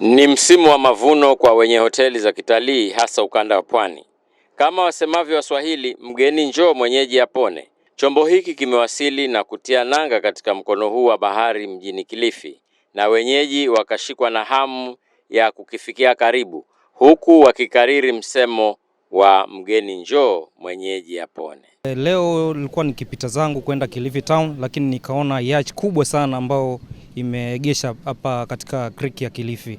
Ni msimu wa mavuno kwa wenye hoteli za kitalii hasa ukanda wa pwani. Kama wasemavyo Waswahili, mgeni njoo mwenyeji apone. Chombo hiki kimewasili na kutia nanga katika mkono huu wa bahari mjini Kilifi, na wenyeji wakashikwa na hamu ya kukifikia karibu, huku wakikariri msemo wa mgeni njoo mwenyeji apone. Eh, leo nilikuwa nikipita zangu kwenda Kilifi Town, lakini nikaona yacht kubwa sana ambayo imeegesha hapa katika creek ya Kilifi,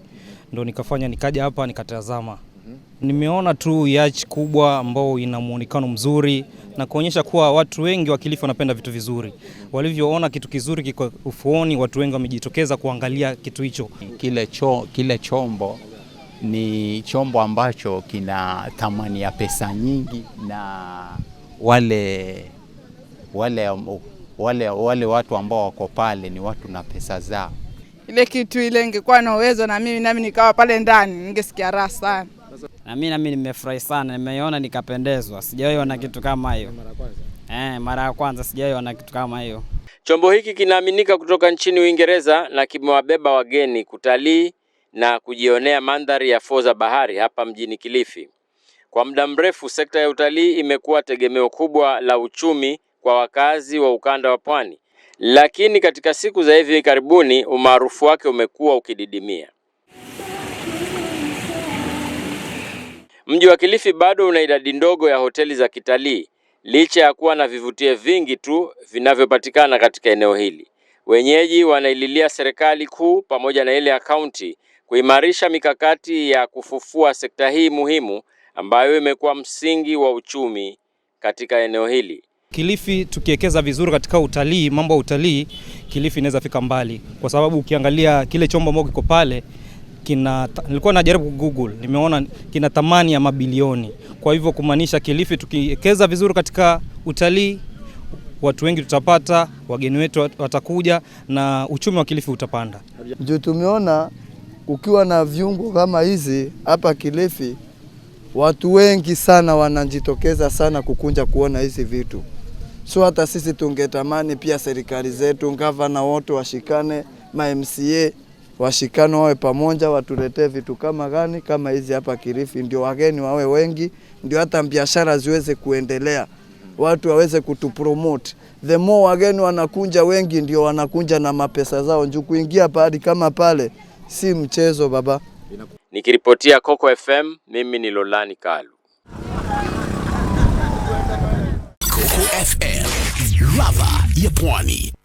ndo nikafanya nikaja hapa nikatazama. Mhm. Nimeona tu yacht kubwa ambayo ina muonekano mzuri na kuonyesha kuwa watu wengi wa Kilifi wanapenda vitu vizuri. Walivyoona kitu kizuri kiko ufuoni, watu wengi wamejitokeza kuangalia kitu hicho. Kile, cho, kile chombo ni chombo ambacho kina thamani ya pesa nyingi, na wale, wale, wale, wale watu ambao wako pale ni watu na pesa zao. Ile kitu ile ingekuwa na uwezo na mimi nami nikawa pale ndani ningesikia raha sana. Na mimi nami nimefurahi sana, nimeiona nikapendezwa, sijawahi ona kitu kama hiyo eh, mara ya kwanza sijawahi ona kitu kama hiyo. Chombo hiki kinaaminika kutoka nchini Uingereza na kimewabeba wageni kutalii na kujionea mandhari ya fuo za bahari hapa mjini Kilifi. Kwa muda mrefu, sekta ya utalii imekuwa tegemeo kubwa la uchumi kwa wakazi wa ukanda wa pwani, lakini katika siku za hivi karibuni umaarufu wake umekuwa ukididimia. Mji wa Kilifi bado una idadi ndogo ya hoteli za kitalii licha ya kuwa na vivutio vingi tu vinavyopatikana katika eneo hili. Wenyeji wanaililia serikali kuu pamoja na ile ya kaunti kuimarisha mikakati ya kufufua sekta hii muhimu ambayo imekuwa msingi wa uchumi katika eneo hili. Kilifi tukiwekeza vizuri katika utalii, mambo ya utalii, Kilifi inaweza fika mbali, kwa sababu ukiangalia kile chombo ambacho kiko pale kina, nilikuwa najaribu Google, nimeona kina thamani ya mabilioni. Kwa hivyo kumaanisha Kilifi tukiwekeza vizuri katika utalii, watu wengi tutapata, wageni wetu watakuja na uchumi wa Kilifi utapanda juu tumeona ukiwa na viungo kama hizi hapa Kilifi, watu wengi sana wanajitokeza sana kukunja kuona hizi vitu. So hata sisi tungetamani pia serikali zetu, gavana wote washikane, ma MCA washikane, wawe pamoja, watuletee vitu kama gani kama hizi hapa Kilifi, ndio wageni wawe wengi, ndio hata biashara ziweze kuendelea, watu waweze kutupromote. The more wageni wanakunja wengi, ndio wanakunja na mapesa zao juu kuingia pahali kama pale si mchezo baba. Nikiripotia Coco FM, mimi ni Lolani Kalu. Coco FM, ladha ya Pwani.